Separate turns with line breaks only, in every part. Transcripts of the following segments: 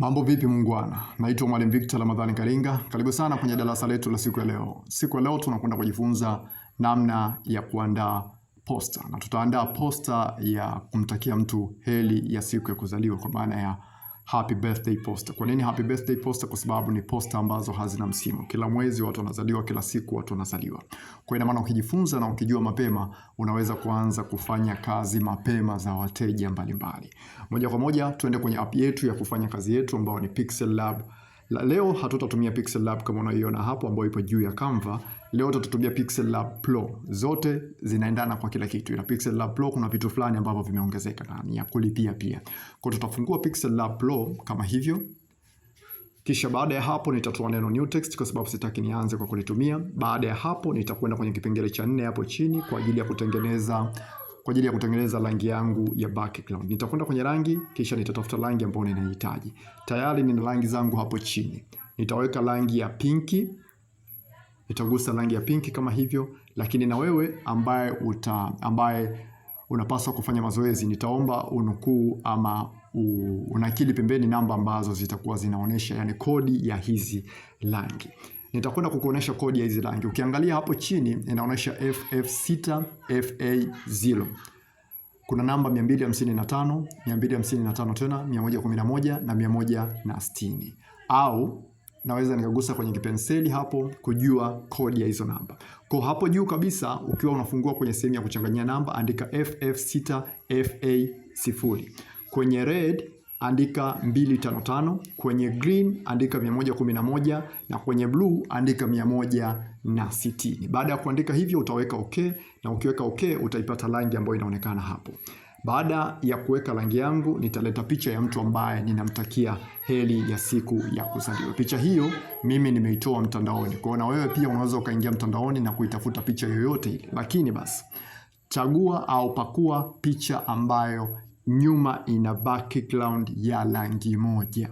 Mambo vipi mungwana? Naitwa Mwalimu Victor Ramadhani Karinga. Karibu sana kwenye darasa letu la siku ya leo. Siku ya leo tunakwenda kujifunza namna ya kuandaa posta na tutaandaa posta ya kumtakia mtu heri ya siku ya kuzaliwa kwa maana ya happy birthday poster. Kwa nini happy birthday poster? Kwa sababu ni poster ambazo hazina msimu. Kila mwezi watu wanazaliwa, kila siku watu wanazaliwa. Kwa ina maana ukijifunza na ukijua mapema, unaweza kuanza kufanya kazi mapema za wateja mbalimbali. Moja kwa moja tuende kwenye app yetu ya kufanya kazi yetu ambayo ni Pixel Lab. Leo hatutatumia Pixel Lab kama unaiona hapo ambayo ipo juu ya Canva. Leo tutatumia Pixel Lab Pro, zote zinaendana kwa kila kitu, na Pixel Lab Pro kuna vitu fulani ambavyo vimeongezeka na ni ya kulipia pia. Kwa tutafungua Pixel Lab Pro kama hivyo, kisha baada ya hapo nitatoa neno new text kwa sababu sitaki nianze kwa kulitumia. Baada ya hapo nitakwenda kwenye kipengele cha nne hapo chini kwa ajili ya kutengeneza kwa ajili ya kutengeneza rangi yangu ya background. Nitakwenda kwenye rangi kisha nitatafuta rangi ambayo ninahitaji. Tayari nina rangi zangu hapo chini. Nitaweka rangi ya pinki nitagusa rangi ya pinki kama hivyo, lakini na wewe ambaye uta, ambaye unapaswa kufanya mazoezi, nitaomba unukuu ama unakili pembeni namba ambazo zitakuwa zinaonyesha, yani kodi ya hizi rangi. Nitakwenda kukuonesha kodi ya hizi rangi. Ukiangalia hapo chini inaonyesha FF6 FA0. Kuna namba 255, 255 tena, 111 na 160 au naweza nikagusa kwenye kipenseli hapo kujua kodi ya hizo namba. Kwa hapo juu kabisa, ukiwa unafungua kwenye sehemu ya kuchanganyia namba, andika FF6 FA0. Kwenye red andika 255, kwenye green andika 111 na kwenye blue andika 160. Baada ya kuandika hivyo utaweka okay, na ukiweka okay utaipata rangi ambayo inaonekana hapo. Baada ya kuweka rangi yangu, nitaleta picha ya mtu ambaye ninamtakia heri ya siku ya kuzaliwa. Picha hiyo mimi nimeitoa mtandaoni, kwa na wewe pia unaweza ukaingia mtandaoni na kuitafuta picha yoyote ile, lakini basi chagua au pakua picha ambayo nyuma ina background ya rangi moja.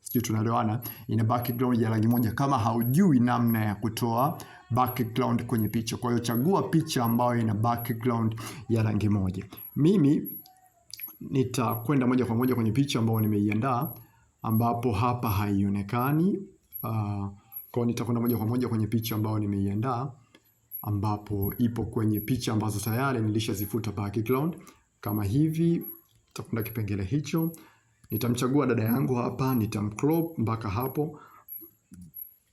Sijui tunaelewana? Ina background ya rangi moja. Kama haujui namna ya kutoa background kwenye picha. Kwa hiyo chagua picha ambayo ina background ya rangi moja. Mimi nitakwenda moja kwa moja kwenye picha ambayo nimeiandaa, ambapo hapa haionekani. Uh, kwa hiyo nitakwenda moja kwa moja kwenye picha ambayo nimeiandaa, ambapo ipo kwenye picha ambazo tayari nilishazifuta background kama hivi. Nitakwenda kipengele hicho, nitamchagua dada yangu hapa, nitamcrop mpaka hapo,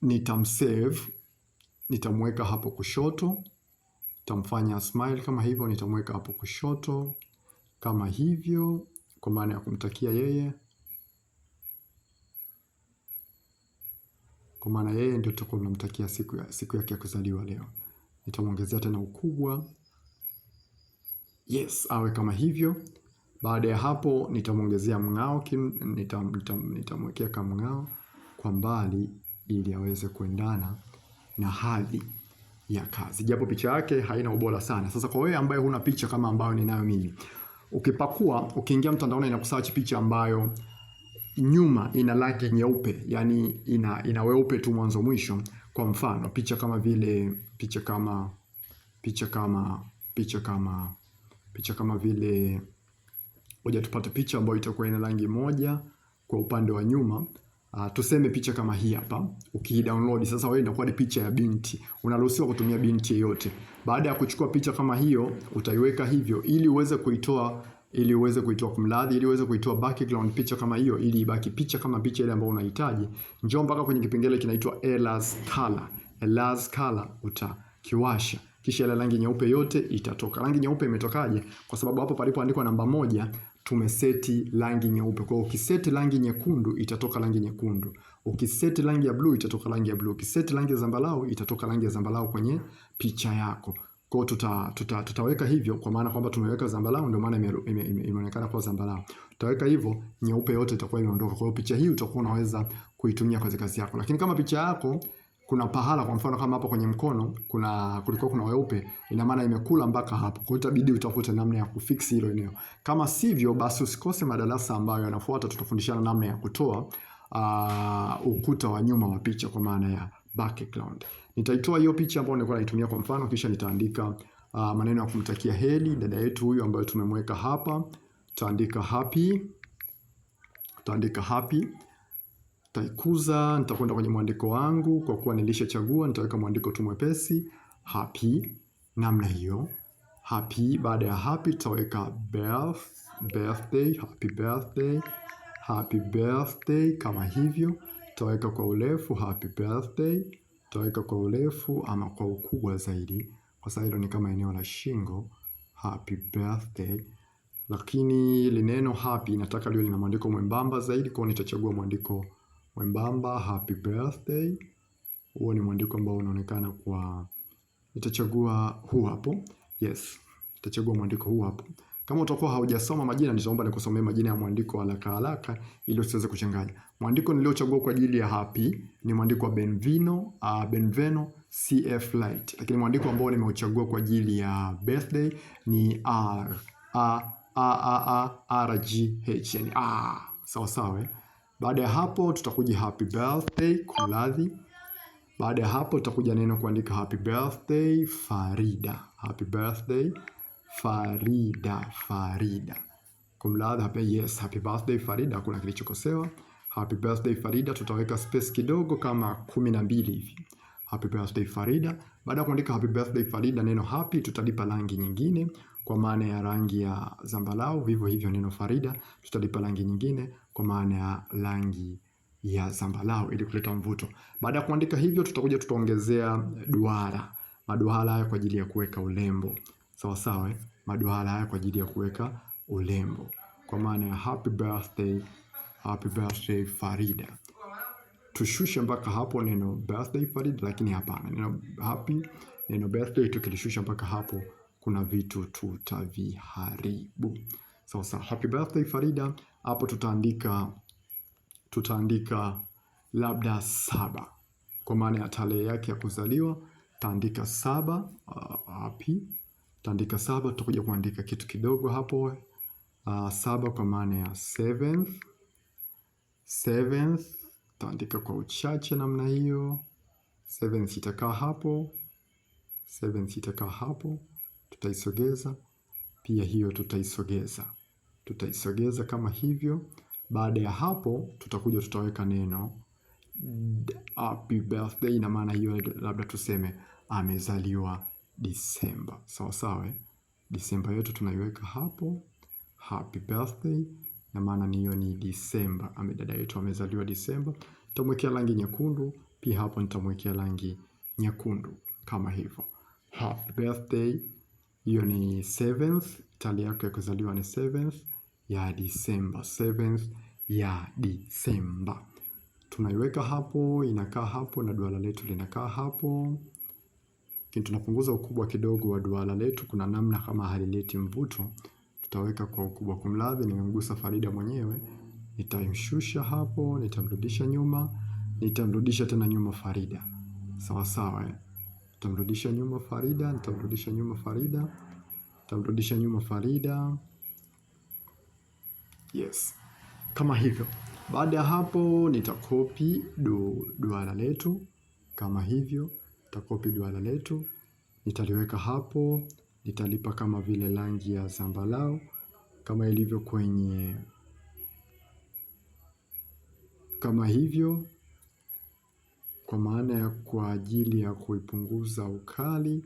nitamsave nitamweka hapo kushoto, nitamfanya smile kama hivyo, nitamweka hapo kushoto kama hivyo, kwa maana ya kumtakia yeye, kwa maana yeye ndio tutakuwa tunamtakia siku ya siku yake ya kuzaliwa leo. Nitamwongezea tena ukubwa, yes, awe kama hivyo. Baada ya hapo nitamwongezea mng'ao, nitamwekea nita kama kamng'ao kwa mbali ili aweze kuendana na hadhi ya kazi, japo picha yake haina ubora sana. Sasa kwa wewe ambaye huna picha kama ambayo ninayo mimi, ukipakua, ukiingia mtandaoni, inakusearch picha ambayo nyuma ina rangi nyeupe, yani ina, ina weupe tu mwanzo mwisho. Kwa mfano picha kama vile picha kama picha kama picha kama picha kama vile, ngoja tupate picha ambayo itakuwa ina rangi moja kwa upande wa nyuma. Uh, tuseme picha kama hii hapa ukidownload sasa, wewe inakuwa ni picha ya binti. Unaruhusiwa kutumia binti yeyote. Baada ya kuchukua picha kama hiyo, utaiweka hivyo ili uweze kuitoa, ili uweze kuitoa kumladhi, ili uweze kuitoa background picha kama hiyo, ili ibaki picha kama picha ile ambayo unahitaji. Njoo mpaka kwenye kipengele kinaitwa Erase Color. Erase Color utakiwasha kisha ile rangi nyeupe yote itatoka. Rangi nyeupe imetokaje? Kwa sababu hapo palipoandikwa namba moja tumeseti rangi nyeupe. Kwa ukiseti rangi nyekundu itatoka rangi nyekundu, ukiseti rangi ya bluu itatoka rangi ya bluu, ukiseti rangi ya zambarau itatoka rangi ya zambarau kwenye picha yako. Kwa hiyo tuta, tuta, tutaweka hivyo kwa maana kwamba tumeweka zambarau ndio maana imeonekana kwa zambarau. Tutaweka hivyo nyeupe yote itakuwa imeondoka. Kwa hiyo picha hii utakuwa unaweza kuitumia kwa kazi yako. Lakini kama picha yako kuna pahala kwa mfano kama hapo kwenye mkono kuna kulikuwa kuna weupe, ina maana imekula mpaka hapo. Kwa hiyo itabidi utafute namna ya kufix hilo eneo. Kama sivyo, basi usikose madarasa ambayo yanafuata, tutafundishana namna ya kutoa uh, ukuta wa nyuma wa picha kwa maana ya background. Nitaitoa hiyo picha ambayo nilikuwa naitumia kwa mfano, kisha nitaandika uh, maneno ya kumtakia heri dada yetu huyu ambayo tumemweka hapa. Tutaandika happy, tutaandika happy nitaikuza, nitakwenda kwenye mwandiko wangu kwa kuwa nilishachagua, nitaweka mwandiko tu mwepesi happy namna hiyo happy. Baada ya happy tutaweka birth, birthday, happy birthday, happy birthday kama hivyo. Tutaweka kwa urefu happy birthday, tutaweka kwa urefu ama kwa ukubwa zaidi, kwa sababu hilo ni kama eneo la shingo, happy birthday. Lakini lineno happy nataka liwe lina mwandiko mwembamba zaidi, kwa nitachagua mwandiko mwembamba happy birthday. Huo ni mwandiko ambao unaonekana kwa, nitachagua huu hapo. Yes, nitachagua mwandiko huu hapo. Kama utakuwa haujasoma majina, nitaomba nikusomee majina ya mwandiko haraka haraka ili usiweze kuchanganya. Mwandiko niliochagua kwa ajili ya happy ni mwandiko wa Benvino, uh, Benveno CF Light. Lakini mwandiko ambao nimeuchagua kwa ajili ya birthday ni R A A A A R G H, yani A. Ah, sawa sawa eh. Baada ya hapo tutakuja happy birthday kuladhi. Baada ya hapo tutakuja neno kuandika happy birthday Farida. Happy birthday Farida, Farida. Kumladhi hapa, yes, happy birthday Farida, hakuna kilichokosewa. Happy birthday Farida tutaweka space kidogo kama kumi na mbili hivi. Happy birthday Farida. Baada ya kuandika happy birthday Farida, neno happy tutalipa rangi nyingine kwa maana ya rangi ya zambarau. Vivyo hivyo neno farida tutalipa rangi nyingine kwa maana ya rangi ya zambarau ili kuleta mvuto. Baada ya kuandika hivyo, tutakuja tutaongezea duara, maduara haya kwa ajili ya kuweka urembo. Sawa sawa, eh? Maduara haya kwa ajili ya kuweka urembo kwa maana ya happy birthday, happy birthday Farida. Tushushe mpaka hapo neno birthday Farida, lakini hapana, neno happy, neno birthday tukilishusha mpaka hapo kuna vitu tutaviharibu. Sasa happy birthday Farida, hapo tutaandika tutaandika labda saba kwa maana ya tarehe yake ya kuzaliwa taandika saba. Uh, taandika saba, tutakuja kuandika kitu kidogo hapo uh, saba kwa maana ya seventh. Seventh taandika kwa uchache namna hiyo, seventh itakaa hapo, seventh itakaa hapo tutaisogeza pia hiyo tutaisogeza, tutaisogeza kama hivyo. Baada ya hapo, tutakuja tutaweka neno happy birthday, ina maana hiyo labda tuseme amezaliwa Disemba, sawa sawa. Eh? Disemba yetu tunaiweka hapo, happy birthday, na maana ni hiyo ni Disemba, ame dada yetu amezaliwa Disemba. tutamwekea rangi nyekundu pia hapo, nitamwekea rangi nyekundu kama hivyo, happy birthday hiyo ni 7th, tarehe yako ya kuzaliwa ni 7th ya Disemba, 7th ya Disemba. Tunaiweka hapo, inakaa hapo na duara letu linakaa hapo. Lakini tunapunguza ukubwa kidogo wa duara letu, kuna namna kama halileti mvuto, tutaweka kwa ukubwa. Kumradhi, nimemgusa Farida mwenyewe. Nitamshusha hapo, nitamrudisha nyuma, nitamrudisha tena nyuma Farida. Sawa sawa. Eh. Nitamrudisha nyuma Farida, nitamrudisha nyuma Farida, nitamrudisha nyuma Farida. Yes, kama hivyo. Baada ya hapo nitakopi du, duara letu kama hivyo, nitakopi duara letu nitaliweka hapo, nitalipa kama vile rangi ya zambalau kama ilivyo kwenye kama hivyo kwa maana ya kwa ajili ya kuipunguza ukali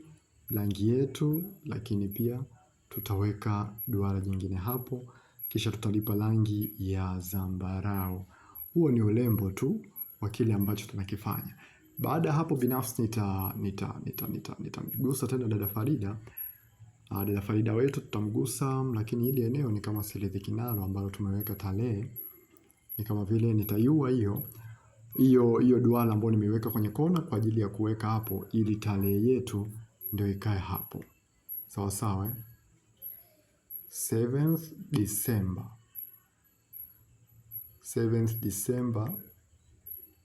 rangi yetu, lakini pia tutaweka duara jingine hapo, kisha tutalipa rangi ya zambarau. Huo ni urembo tu wa kile ambacho tunakifanya. Baada ya hapo binafsi nita nita nita nita nitamgusa tena dada Farida. Ah, dada Farida wetu tutamgusa, lakini hili eneo ni kama siridhiki nalo ambalo tumeweka tarehe. Ni kama vile nitayua hiyo hiyo hiyo duara ambayo nimeiweka kwenye kona kwa ajili ya kuweka hapo, ili tarehe yetu ndio ikae hapo sawa sawa, 7th eh? December 7th December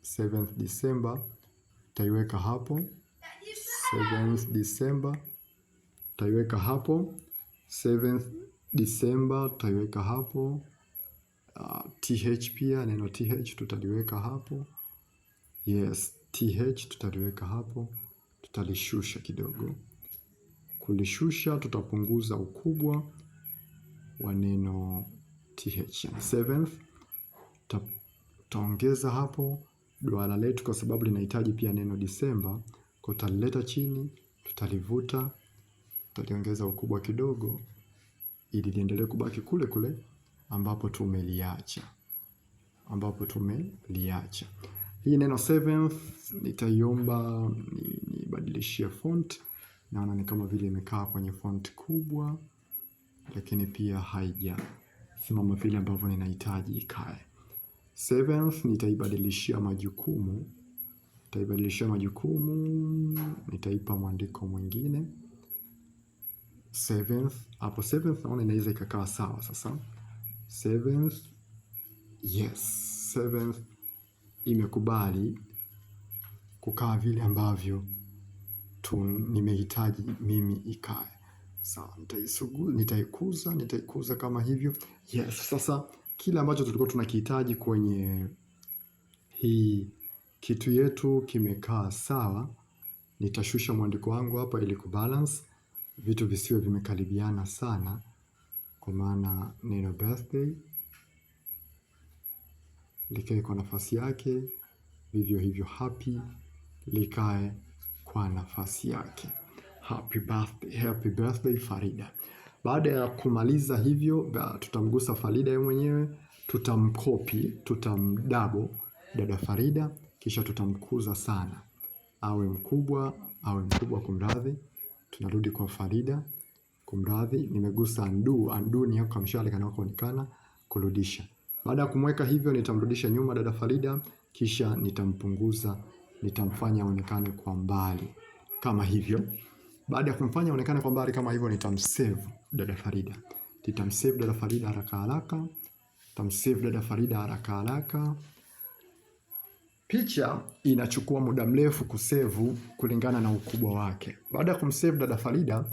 7th December taiweka hapo 7th December taiweka hapo 7th December taiweka hapo. Uh, ah, th pia neno th tutaliweka hapo. Yes, th tutaliweka hapo, tutalishusha kidogo. Kulishusha tutapunguza ukubwa wa neno th. Seventh, tutaongeza hapo duara letu, kwa sababu linahitaji pia neno Disemba, kwa tutalileta chini, tutalivuta, tutaliongeza ukubwa kidogo, ili liendelee kubaki kule kule ambapo tumeliacha ambapo tumeliacha. Hii neno seventh nitaiomba nibadilishie ni font. Naona ni kama vile imekaa kwenye font kubwa, lakini pia haijasimama vile ambavyo ninahitaji ikae. Seventh nitaibadilishia majukumu, nitaibadilishia majukumu, nitaipa mwandiko mwingine seventh. Hapo seventh naona inaweza ikakaa sawa. Sasa seventh, yes seventh imekubali kukaa vile ambavyo tu nimehitaji mimi ikae. Sawa, nitaikuza, nitaikuza kama hivyo. Yes, sasa kile ambacho tulikuwa tunakihitaji kwenye hii kitu yetu kimekaa sawa. Nitashusha mwandiko wangu hapa ili kubalance vitu visiwe vimekaribiana sana, kwa maana neno birthday likae kwa nafasi yake, vivyo hivyo happy likae kwa nafasi yake. Happy birthday, happy birthday Farida. Baada ya kumaliza hivyo, tutamgusa Farida yeye mwenyewe, tutamkopi, tutamdabo dada Farida, kisha tutamkuza sana, awe mkubwa, awe mkubwa, kumradhi. Tunarudi kwa Farida, kumradhi, nimegusa ndu Andu ni hapo kamshale kanaokuonekana kurudisha baada ya kumweka hivyo, nitamrudisha nyuma dada Farida, kisha nitampunguza, nitamfanya aonekane kwa mbali kama hivyo. Baada ya kumfanya aonekane kwa mbali kama hivyo, nitamsave dada Farida, nitamsave dada Farida haraka haraka, nitamsave dada Farida haraka haraka. Picha inachukua muda mrefu kusevu kulingana na ukubwa wake. Baada ya kumsave dada Farida,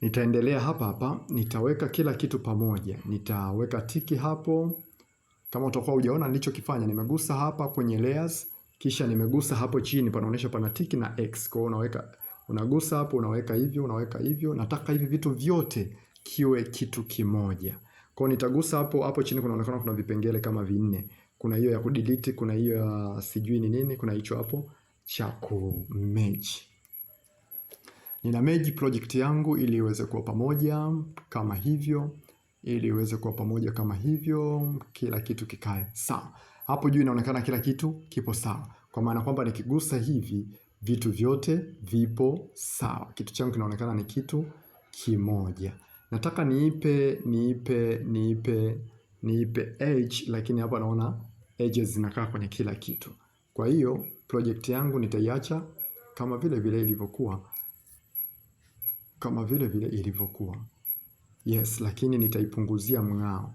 nitaendelea hapa hapa, nitaweka kila kitu pamoja, nitaweka tiki hapo kama utakuwa hujaona nilichokifanya, nimegusa hapa kwenye layers, kisha nimegusa hapo chini panaonyesha pana tiki na X. Kwa hiyo unaweka unagusa hapo, unaweka hivyo, unaweka hivyo. Nataka hivi vitu vyote kiwe kitu kimoja. Kwa hiyo nitagusa hapo hapo chini, kunaonekana kuna vipengele kama vinne. Kuna hiyo ya kudelete, kuna hiyo ya sijui ni nini, kuna hicho hapo cha ku merge. Nina merge project yangu ili iweze kuwa pamoja kama hivyo ili iweze kuwa pamoja kama hivyo, kila kitu kikae sawa. Hapo juu inaonekana kila kitu kipo sawa, kwa maana kwamba nikigusa hivi vitu vyote vipo sawa. Kitu changu kinaonekana ni kitu kimoja. Nataka niipe niipe niipe niipe edge, lakini hapa naona edges zinakaa kwenye kila kitu. Kwa hiyo project yangu nitaiacha kama vile vile ilivyokuwa, kama vile vile ilivyokuwa. Yes, lakini nitaipunguzia mng'ao.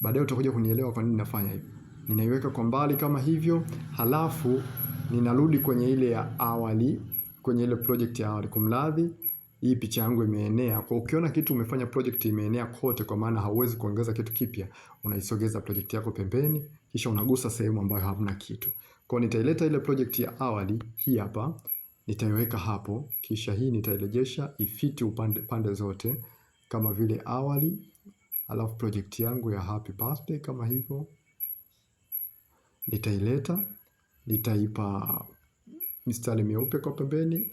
Baadaye utakuja kunielewa kwa nini nafanya hivi. Ninaiweka kwa mbali kama hivyo, halafu ninarudi kwenye ile ya awali, kwenye ile project ya awali kumradhi. Hii picha yangu imeenea. Kwa ukiona kitu umefanya project imeenea kote kwa maana hauwezi kuongeza kitu kipya, unaisogeza project yako pembeni kisha unagusa sehemu ambayo hamna kitu. Kwa nitaileta ile project ya awali hii hapa, nitaiweka hapo, kisha hii nitairejesha ifiti upande pande zote kama vile awali, alafu project yangu ya happy birthday kama hivyo nitaileta, nitaipa mistari meupe kwa pembeni,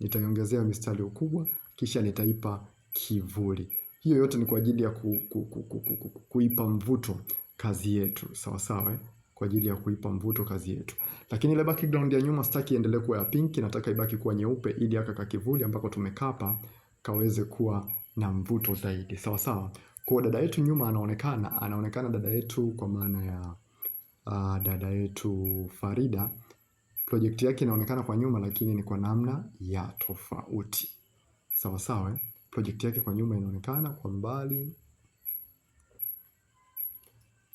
nitaiongezea mistari ukubwa, kisha nitaipa kivuli. Hiyo yote ni kwa ajili ya ku, ku, ku, ku, ku, ku, kuipa mvuto kazi yetu, sawa sawa eh? Kwa ajili ya kuipa mvuto kazi yetu, lakini ile background ya nyuma sitaki iendelee kuwa ya pinki, nataka ibaki kuwa nyeupe, ili aka kakivuli ambako tumekapa kaweze kuwa na mvuto zaidi, sawa sawa. Kwa dada yetu nyuma anaonekana, anaonekana dada yetu kwa maana ya uh, dada yetu Farida. Projekti yake inaonekana kwa nyuma, lakini ni kwa namna ya tofauti, sawa sawa. Eh? Projekti yake kwa nyuma inaonekana kwa mbali,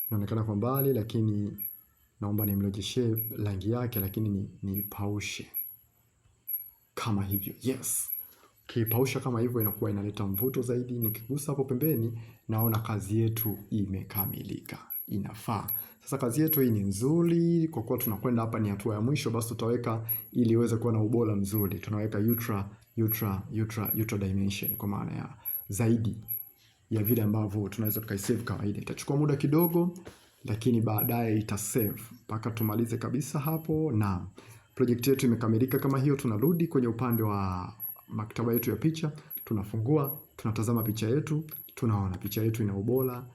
inaonekana kwa mbali, lakini naomba nimrejeshee rangi yake, lakini ni, ni paushe kama hivyo, yes. Kipausha kama hivyo inakuwa inaleta mvuto zaidi. Nikigusa hapo pembeni, naona kazi yetu imekamilika, inafaa. Sasa kazi yetu hii ni nzuri, kwa kuwa tunakwenda hapa, ni hatua ya mwisho, basi tutaweka ili iweze kuwa na ubora mzuri, tunaweka ultra, ultra, ultra, ultra dimension, kwa maana ya zaidi ya vile ambavyo tunaweza tukaisave kawaida. Itachukua muda kidogo, lakini baadaye itasave mpaka tumalize kabisa hapo, na project yetu imekamilika. Kama hiyo, tunarudi kwenye upande wa maktaba yetu ya picha, tunafungua, tunatazama picha yetu, tunaona picha yetu ina ubora,